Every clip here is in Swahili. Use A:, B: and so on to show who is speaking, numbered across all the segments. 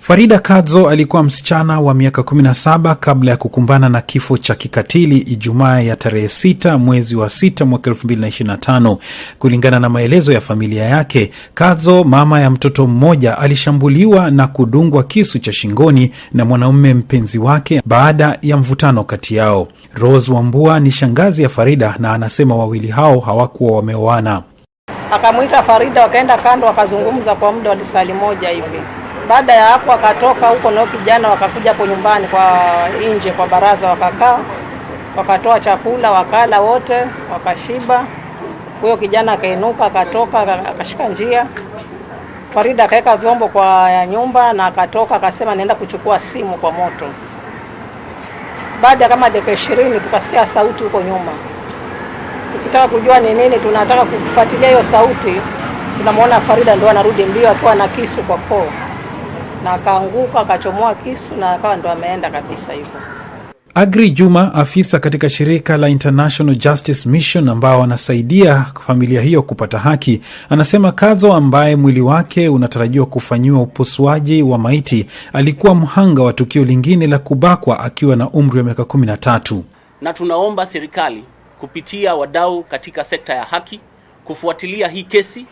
A: Farida Kadzo alikuwa msichana wa miaka 17 kabla ya kukumbana na kifo cha kikatili Ijumaa ya tarehe 6 mwezi wa 6 mwaka 2025. Kulingana na maelezo ya familia yake, Kadzo, mama ya mtoto mmoja, alishambuliwa na kudungwa kisu cha shingoni na mwanaume mpenzi wake baada ya mvutano kati yao. Rose Wambua ni shangazi ya Farida na anasema wawili hao hawakuwa wameoana.
B: Akamwita Farida, wakaenda kando, wakazungumza kwa muda wa lisali moja hivi baada ya hapo akatoka huko, nao kijana wakakuja hapo nyumbani kwa nje kwa baraza, wakakaa wakatoa chakula wakala wote wakashiba. Huyo kijana akainuka akatoka akashika njia. Farida akaweka vyombo kwa nyumba na akatoka akasema naenda kuchukua simu kwa moto. Baada kama dakika ishirini tukasikia sauti huko nyuma, tukitaka kujua ni nini, tunataka kufuatilia hiyo sauti, tunamwona Farida ndio anarudi mbio akiwa na kisu kwa koo na akaanguka akachomoa kisu na akawa ndo ameenda kabisa hivyo.
A: Agri Juma, afisa katika shirika la International Justice Mission ambao anasaidia familia hiyo kupata haki, anasema Kazo ambaye mwili wake unatarajiwa kufanyiwa upasuaji wa maiti alikuwa mhanga wa tukio lingine la kubakwa akiwa na umri wa miaka 13.
C: Na tunaomba serikali kupitia wadau katika sekta ya haki kufuatilia hii kesi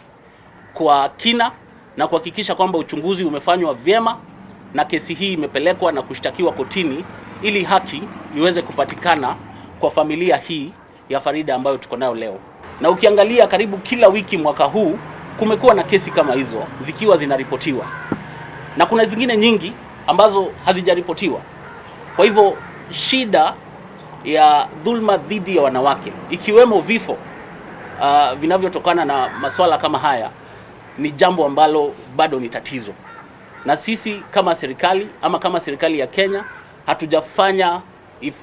C: kwa kina na kuhakikisha kwamba uchunguzi umefanywa vyema na kesi hii imepelekwa na kushtakiwa kotini ili haki iweze kupatikana kwa familia hii ya Farida ambayo tuko nayo leo. Na ukiangalia karibu kila wiki mwaka huu kumekuwa na kesi kama hizo zikiwa zinaripotiwa, na kuna zingine nyingi ambazo hazijaripotiwa. Kwa hivyo shida ya dhulma dhidi ya wanawake ikiwemo vifo uh, vinavyotokana na masuala kama haya ni jambo ambalo bado ni tatizo, na sisi kama serikali ama kama serikali ya Kenya hatujafanya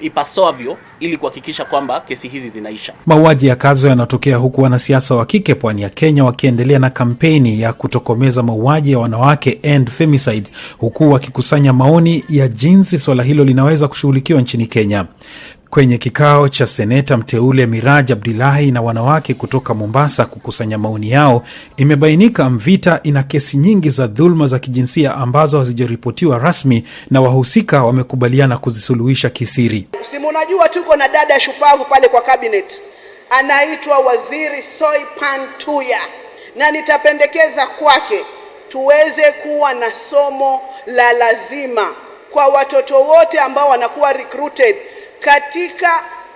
C: ipasavyo ili kuhakikisha kwamba kesi hizi zinaisha.
A: Mauaji ya Kazo yanatokea huku wanasiasa wa kike pwani ya Kenya wakiendelea na kampeni ya kutokomeza mauaji ya wanawake End Femicide, huku wakikusanya maoni ya jinsi swala hilo linaweza kushughulikiwa nchini Kenya kwenye kikao cha seneta mteule Miraji abdulahi na wanawake kutoka Mombasa kukusanya maoni yao, imebainika Mvita ina kesi nyingi za dhuluma za kijinsia ambazo hazijaripotiwa rasmi na wahusika wamekubaliana kuzisuluhisha kisiri.
D: Si tuko na dada shupavu pale kwa kabinet, anaitwa Waziri Soipan Tuya, na nitapendekeza kwake tuweze kuwa na somo la lazima kwa watoto wote ambao wanakuwa recruited katika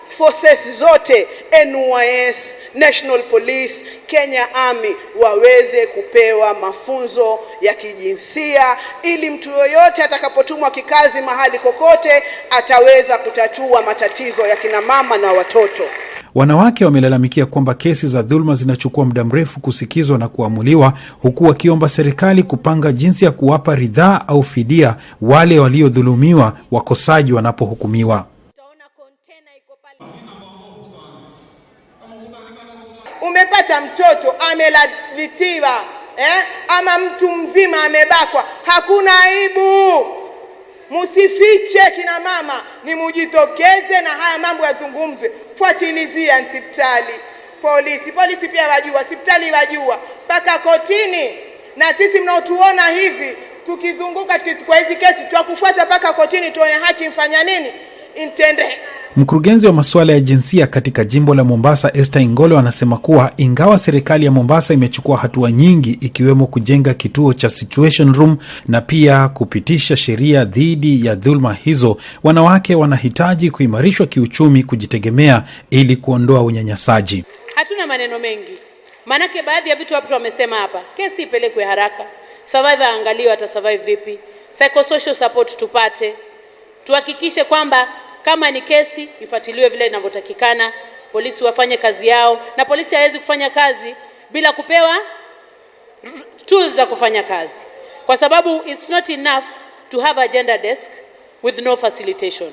D: forces zote NYS, National Police, Kenya Army waweze kupewa mafunzo ya kijinsia ili mtu yoyote atakapotumwa kikazi mahali kokote ataweza kutatua matatizo ya kina mama na watoto.
A: Wanawake wamelalamikia kwamba kesi za dhuluma zinachukua muda mrefu kusikizwa na kuamuliwa, huku wakiomba serikali kupanga jinsi ya kuwapa ridhaa au fidia wale waliodhulumiwa wakosaji wanapohukumiwa.
D: Umepata mtoto amelalitiwa, eh? ama mtu mzima amebakwa, hakuna aibu. Musifiche kina mama, ni mujitokeze na haya mambo yazungumzwe. Fuatilizia hospitali, polisi, polisi pia wajua, hospitali wajua, mpaka kotini. Na sisi mnaotuona hivi tukizunguka kwa hizi kesi, twakufuata mpaka kotini, tuone haki mfanya nini intende
A: Mkurugenzi wa masuala ya jinsia katika jimbo la Mombasa, Esther Ingolo, anasema kuwa ingawa serikali ya Mombasa imechukua hatua nyingi ikiwemo kujenga kituo cha Situation Room na pia kupitisha sheria dhidi ya dhuluma hizo, wanawake wanahitaji kuimarishwa kiuchumi, kujitegemea ili kuondoa unyanyasaji.
E: Hatuna maneno mengi, maanake baadhi ya vitu watu wamesema hapa. Kesi ipelekwe haraka, survivor aangaliwe, atasurvive vipi, psychosocial support tupate, tuhakikishe kwamba kama ni kesi ifuatiliwe vile inavyotakikana, polisi wafanye kazi yao, na polisi hawezi kufanya kazi bila kupewa tools za kufanya kazi, kwa sababu it's not enough to have a gender desk with no facilitation.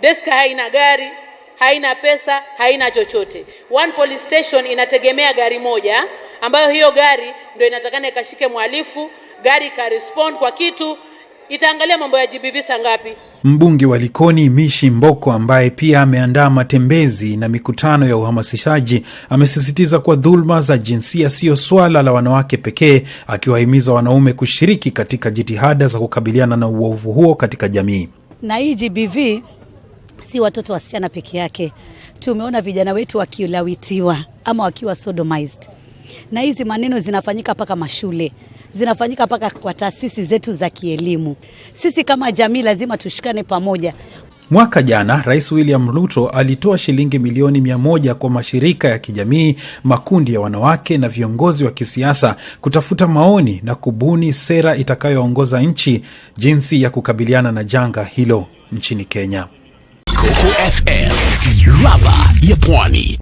E: Desk haina gari, haina pesa, haina chochote. One police station inategemea gari moja, ambayo hiyo gari ndio inatakana ikashike mhalifu, gari ikarespond kwa kitu itaangalia mambo ya GBV saa ngapi.
A: Mbunge wa Likoni Mishi Mboko, ambaye pia ameandaa matembezi na mikutano ya uhamasishaji, amesisitiza kuwa dhuluma za jinsia siyo swala la wanawake pekee, akiwahimiza wanaume kushiriki katika jitihada za kukabiliana na uovu huo katika jamii.
F: Na hii GBV si watoto wasichana peke yake, tumeona vijana wetu wakilawitiwa ama wakiwa sodomized, na hizi maneno zinafanyika mpaka mashule zinafanyika mpaka kwa taasisi zetu za kielimu. Sisi kama jamii lazima tushikane pamoja.
A: Mwaka jana Rais William Ruto alitoa shilingi milioni mia moja kwa mashirika ya kijamii, makundi ya wanawake na viongozi wa kisiasa kutafuta maoni na kubuni sera itakayoongoza nchi jinsi ya kukabiliana na janga hilo nchini Kenya. Coco FM, ladha ya Pwani.